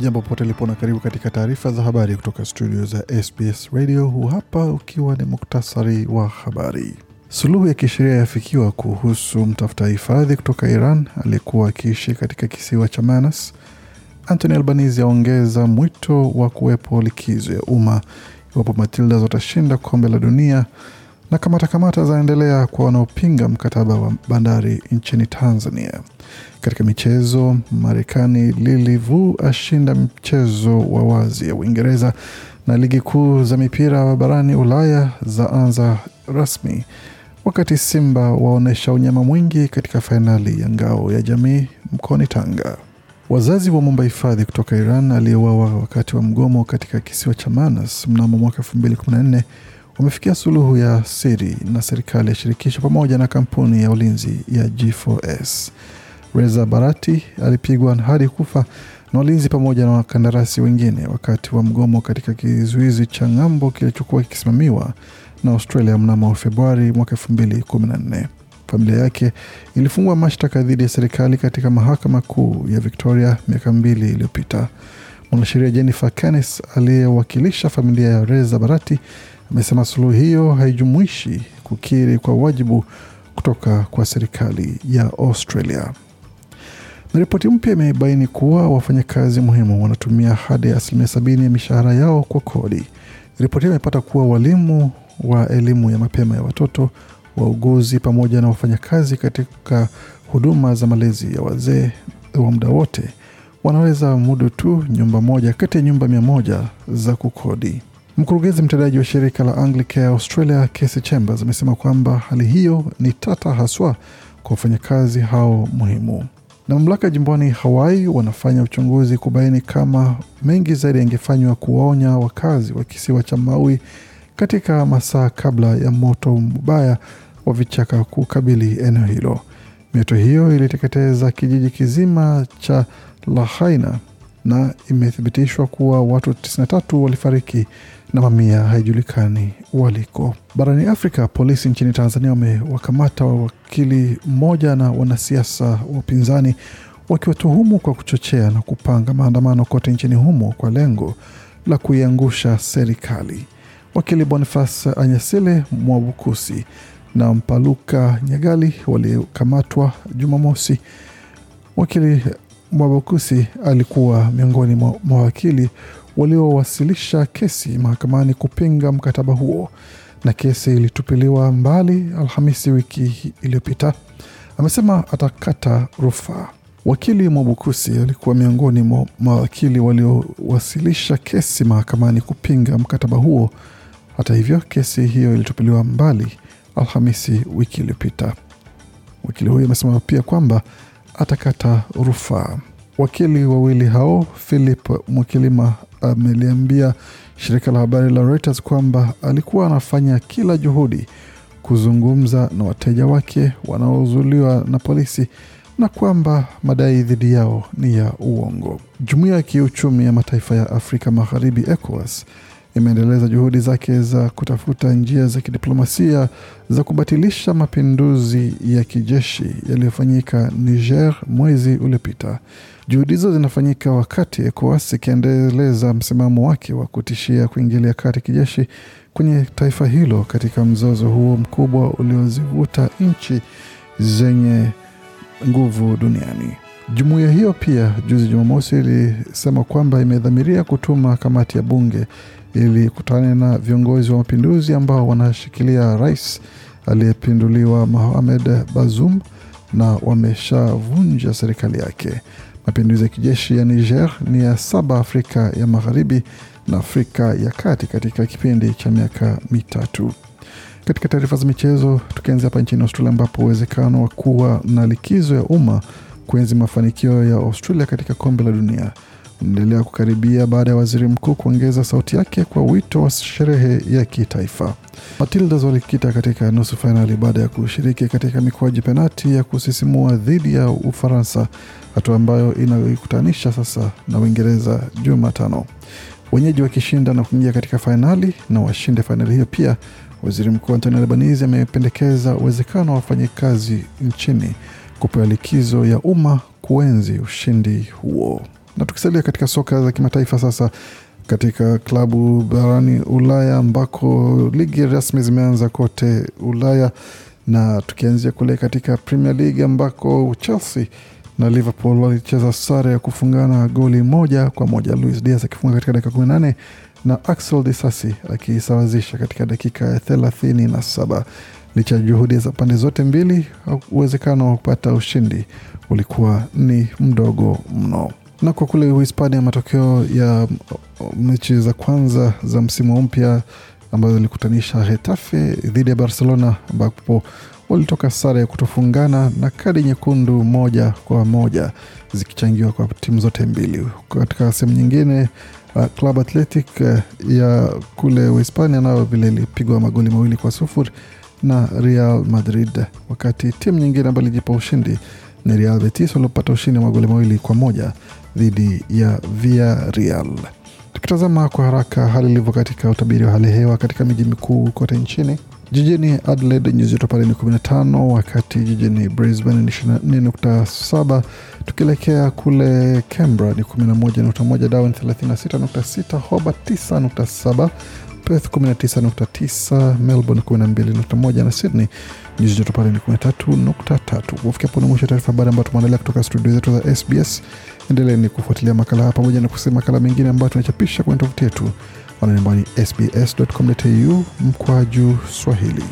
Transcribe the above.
Jambo popote lipo na karibu katika taarifa za habari kutoka studio za SBS Radio. Huu hapa ukiwa ni muktasari wa habari. Suluhu ya kisheria yafikiwa kuhusu mtafuta hifadhi kutoka Iran aliyekuwa akiishi katika kisiwa cha Manas. Anthony Albanese aongeza mwito wa kuwepo likizo ya umma iwapo Matilda zotashinda kombe la dunia na kamata kamata zaendelea kwa wanaopinga mkataba wa bandari nchini Tanzania. Katika michezo, Marekani lilivu ashinda mchezo wa wazi ya Uingereza, na ligi kuu za mipira wa barani Ulaya zaanza rasmi, wakati Simba waonyesha unyama mwingi katika fainali ya ngao ya jamii mkoani Tanga. Wazazi wa mwomba hifadhi kutoka Iran aliyeuawa wakati wa mgomo katika kisiwa cha Manas mnamo mwaka 2014 wamefikia suluhu ya siri na serikali ya shirikisho pamoja na kampuni ya ulinzi ya G4S. Reza Barati alipigwa hadi kufa na walinzi pamoja na wakandarasi wengine wakati wa mgomo katika kizuizi cha ng'ambo kilichokuwa kikisimamiwa na Australia mnamo Februari mwaka 2014. Familia yake ilifungua mashtaka dhidi ya serikali katika mahakama kuu ya Victoria miaka mbili iliyopita. Mwanasheria Jennifer Canis aliyewakilisha familia ya Reza Barati amesema suluhu hiyo haijumuishi kukiri kwa wajibu kutoka kwa serikali ya Australia. Na ripoti mpya imebaini kuwa wafanyakazi muhimu wanatumia hadi ya asilimia sabini ya mishahara yao kwa kodi. Ripoti hiyo imepata kuwa walimu wa elimu ya mapema ya watoto, wauguzi, pamoja na wafanyakazi katika huduma za malezi ya wazee wa muda wote wanaweza mudu tu nyumba moja kati ya nyumba mia moja za kukodi. Mkurugenzi mtendaji wa shirika la Anglicare Australia Casey Chambers amesema kwamba hali hiyo ni tata haswa kwa wafanyakazi hao muhimu, na mamlaka jimboni Hawaii wanafanya uchunguzi kubaini kama mengi zaidi yangefanywa kuwaonya wakazi wa kisiwa cha Maui katika masaa kabla ya moto mbaya wa vichaka kukabili eneo hilo. Mioto hiyo iliteketeza kijiji kizima cha Lahaina na imethibitishwa kuwa watu 93 walifariki na mamia haijulikani waliko. Barani Afrika, polisi nchini Tanzania wamewakamata wakili mmoja na wanasiasa wa upinzani wakiwatuhumu kwa kuchochea na kupanga maandamano kote nchini humo kwa lengo la kuiangusha serikali. Wakili Boniface Anyasile Mwabukusi na Mpaluka Nyagali waliokamatwa Jumamosi. Wakili Mwabukusi alikuwa miongoni mwa mawakili waliowasilisha kesi mahakamani kupinga mkataba huo, na kesi ilitupiliwa mbali Alhamisi wiki iliyopita. Amesema atakata rufaa. Wakili Mwabukusi alikuwa miongoni mwa mawakili waliowasilisha kesi mahakamani kupinga mkataba huo. Hata hivyo, kesi hiyo ilitupiliwa mbali Alhamisi wiki iliyopita. Wakili huyo amesema pia kwamba atakata rufaa. Wakili wawili hao Philip Mwakilima ameliambia shirika la habari la Reuters kwamba alikuwa anafanya kila juhudi kuzungumza na wateja wake wanaozuliwa na polisi na kwamba madai dhidi yao ni ya uongo. Jumuiya ya kiuchumi ya mataifa ya Afrika Magharibi, ECOWAS, imeendeleza juhudi zake za kutafuta njia za kidiplomasia za kubatilisha mapinduzi ya kijeshi yaliyofanyika Niger mwezi uliopita. Juhudi hizo zinafanyika wakati ECOWAS ikiendeleza msimamo wake wa kutishia kuingilia kati kijeshi kwenye taifa hilo katika mzozo huo mkubwa uliozivuta nchi zenye nguvu duniani. Jumuiya hiyo pia juzi Jumamosi ilisema kwamba imedhamiria kutuma kamati ya bunge ili kutane na viongozi wa mapinduzi ambao wanashikilia rais aliyepinduliwa Mohamed Bazoum na wameshavunja serikali yake. Mapinduzi ya kijeshi ya Niger ni ya saba Afrika ya Magharibi na Afrika ya Kati katika kipindi cha miaka mitatu. Katika taarifa za michezo, tukianzia hapa nchini Australia ambapo uwezekano wa kuwa na likizo ya umma kuenzi mafanikio ya Australia katika kombe la dunia unaendelea kukaribia baada ya waziri mkuu kuongeza sauti yake kwa wito wa sherehe ya kitaifa. Matildas walikita katika nusu fainali baada ya kushiriki katika mikwaji penati ya kusisimua dhidi ya Ufaransa, hatua ambayo inaikutanisha sasa na Uingereza Jumatano, wenyeji wakishinda na kuingia katika fainali na washinde fainali hiyo pia. Waziri Mkuu Antoni Albanese amependekeza uwezekano wa wafanyikazi nchini kupewa likizo ya umma kuenzi ushindi huo. Na tukisalia katika soka za kimataifa sasa, katika klabu barani Ulaya ambako ligi rasmi zimeanza kote Ulaya, na tukianzia kule katika Premier League ambako Chelsea na Liverpool walicheza sare ya kufungana goli moja kwa moja, Luis Diaz akifunga katika dakika 18 na Axel Disasi akisawazisha katika dakika ya saba. Licha ya juhudi za pande zote mbili, uwezekano wa kupata ushindi ulikuwa ni mdogo mno. Na kwa kule Uhispania, matokeo ya mechi za kwanza za msimu mpya ambazo ilikutanisha Hetafe dhidi ya Barcelona ambapo walitoka sare ya kutofungana na kadi nyekundu moja kwa moja zikichangiwa kwa timu zote mbili. Katika sehemu nyingine, uh, Club Athletic uh, ya kule Uhispania nayo vile ilipigwa magoli mawili kwa sufuri na Real Madrid, wakati timu nyingine ambayo ilijipa ushindi ni Real Betis waliopata ushindi wa magoli mawili kwa moja dhidi ya Villarreal. Tukitazama kwa haraka hali ilivyo katika utabiri wa hali hewa katika miji mikuu kote nchini, jijini Adelaide nyuzi joto pale ni 15, wakati jijini Brisbane ni 24.7, tukielekea kule Canberra ni 11.1, Darwin 36.6, Hobart 9.7, Perth 19.9, Melbourne 12.1 na Sydney nyuzi joto pale ni 13.3. Kufikia hapo ni mwisho taarifa habari ambayo tumeandalia kutoka studio zetu za SBS. ni kufuatilia makala haya pamoja na kusema makala mengine ambayo tunachapisha kwenye tovuti yetu anwani ni sbs.com.au mkwaju Swahili.